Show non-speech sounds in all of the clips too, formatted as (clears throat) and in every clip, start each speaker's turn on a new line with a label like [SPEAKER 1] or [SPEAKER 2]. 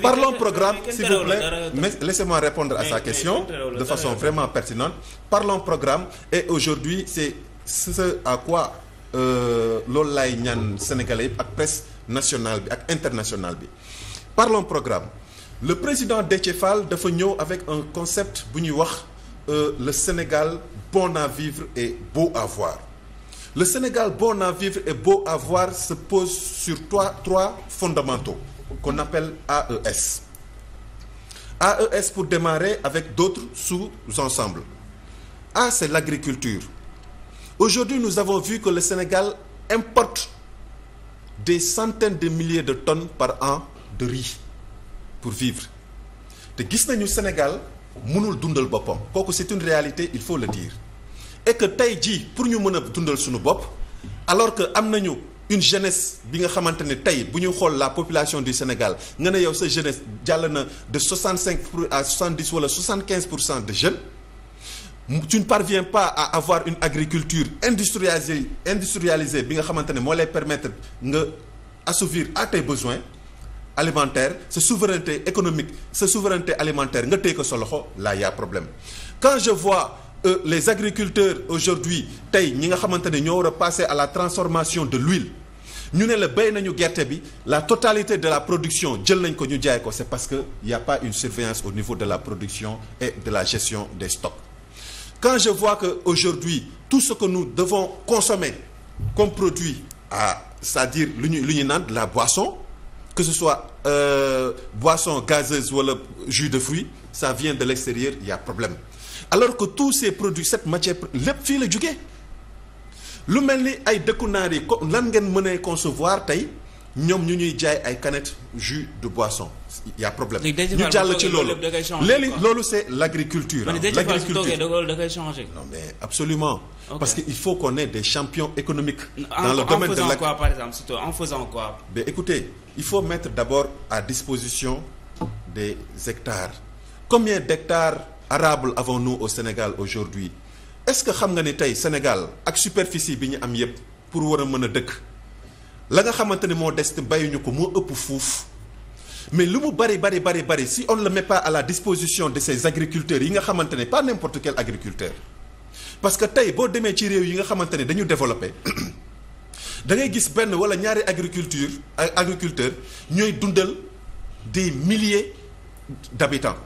[SPEAKER 1] parlons programme s'il vous plaît mais laissez-moi répondre à sa question de façon vraiment pertinente parlons programme et aujourd'hui c'est ce à quoi euh, loolu laay ñaan sénégalais ak presse nationale bi ak internationale bi parlons programme le président Déthié Fall dafa ñëw avec un concept bu ñuy wax euh, le Sénégal bon à vivre et beau à voir le Sénégal bon à vivre et beau à voir se pose sur trois trois fondamentaux qu'on appelle AES. AES pour démarrer avec d'autres sous-ensembles. A, c'est l'agriculture. Aujourd'hui, nous avons vu que le Sénégal importe des centaines de milliers de tonnes par an de riz pour vivre. te gis nañu Sénégal mënul dundal boppam kooku c'est une réalité il faut le dire et que tey jii pour ñu mën a dundal suñu bopp alors que am nañu une jeunesse bi nga xamante ne tey bu ñu xool la population du Sénégal nga ne yow sa jeunesse jàll na de 65 pour à 70 wala 75 pour cent de jeunes tu ne parviens pas à avoir une agriculture industrialisée industrialisée bi nga xamante ne moo lay permettre nga assouvir à tes besoins sa souveraineté économique sa souveraineté alimentaire nga téye ko sa loxo là y problème quand je vois euh, les agriculteurs aujourd'hui tey ñi nga xamante ne ñoo war a passer à la transformation de l'huile ñu ne la béy nañu gerte bi la totalité de la production jël nañ ko ñu jaay ko c'est parce que y a pas une surveillance au niveau de la production et de la gestion des stocks quand je vois que aujourd'hui tout ce que nous devons consommer comme produit à c'est-à-dire lu ñu lu ñu naan la boisson que ce soit euh, boisson gazeuse wala jus de fruits ça vient de l'extérieur il y a problème alors que tous ces produits cette matière lépp fii la jugee lu mel ni ay dëkku naar yi ko lan ngeen mënee concevoir tey ñoom ñu ñuy jaay ay canettes jus de boisson y' a problème. ñu jàll ci loolu léegi loolu c' est l' agriculture. Hein, l' agriculture non mais absolument okay. parce que il faut qu'on ait des champions économiques. En, dans le domaine de l' en faisant quoi par écoutez il faut mettre d' abord à disposition des hectares combien d' hectares arables avons-nous au Sénégal aujourd'hui est-ce que xam nga ni tey Sénégal ak superficie bi ñu am yépp pour war a mën a dëkk la nga xamante ne moo des te bayuñu ko moo ëpp fuuf mais lu mu bari bari bari bari si on ne le met à la disposition de ces agriculteurs yi nga xamante ne pas n'importe quel parce que tey boo demee ci réew yi nga xamante ne dañu développé (clears throat) da ngay gis benn wala ñaari agriculture agriculteurs ñooy dundal des milliers d'habitants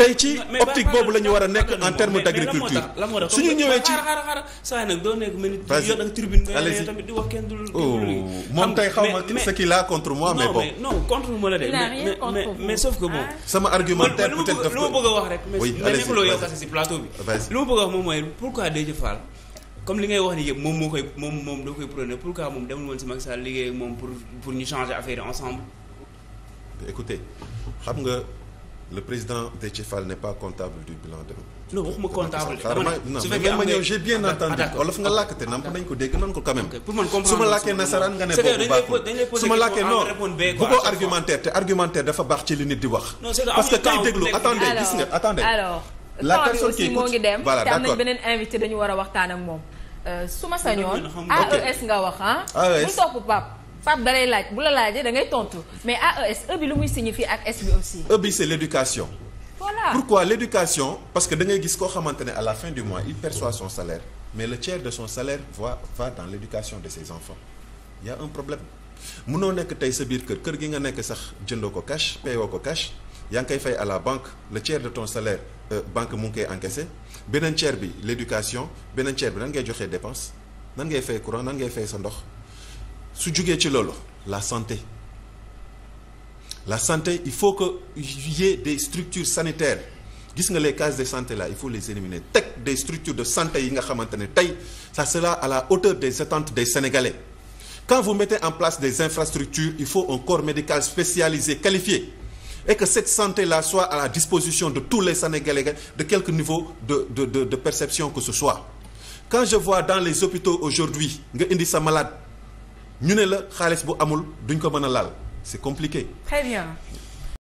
[SPEAKER 1] tey ci optique boobu la ñu war a nekk en terme d'agriculture suñu ñëwee ci saa tribune oh, moom tey xaw ma ce qu'il a contre moi mais bon non contre moi la de mais mais sauf que bon ah. sama argumentaire peut-être daf lu lu ma bëgg a wax moom mooy pourquoi Déthié Fall comme li ngay wax ni yëpp moom moo koy moom moom doo koy prôné pourquoi moom demul woon si Macky Sall liggéey moom pour pour ñu changer affaire ensemble écoutez xam nga le président Déthié Fall n'est pas comptable du bilan de. non waxuma comptable su fekkee am na j'ai bien ah, nga ah, làkk te namp nañ ko dégg nañ ko ma làkkee nasaraan nga ne boobu baaxul su ma làkkee non bu ko argumentaire te argumentaire dafa baax ci li nit di wax. parce que kay déglu attendez gis nga attendez. alors la personne moo ngi dem te am nañ beneen invité dañu war waxtaan ak moom. Euh, su ma sañoon AES e nga wax ah. AES mu topp Pape. Pape dalay laaj bu la laajee da tontu mais AES E bi lu muy signifie ak S bi aussi. E bi c'est l'éducation. voilà pourquoi l'éducation parce que da ngay gis koo xamante ne à la fin du mois il perçoit son salaire mais le tiers de son salaire va va dans l'éducation de ses enfants il y problème. mënoo nekk tey sa biir kër kër gi nga nekk sax jëndoo ko cash payoo ko cash yaa ngi koy fay à la banque le tiers de ton salaire euh, banque mu ngi koy encaissé beneen tiers bi l'éducation beneen tiers bi nan ngay joxee dépense nan ngay fay courant ngay fay sa ndox. su jugee ci loolu la santé la santé il faut que y ait des structures sanitaires gis nga les cases de santé là il faut les éliminer teg des structures de santé yi nga xamante ne tey ça sera à la hauteur des attentes des Sénégalais quand vous mettez en place des infrastructures il faut un corps médical spécialisé qualifié et que cette santé la soit à la disposition de tous les Sénégalais de quelque niveau de de de, de perception que ce soit quand je vois dans les hôpitaux nga indi sa malade ñu ne la xaalis bu amul duñ ko mën a laal c'est compliqué. très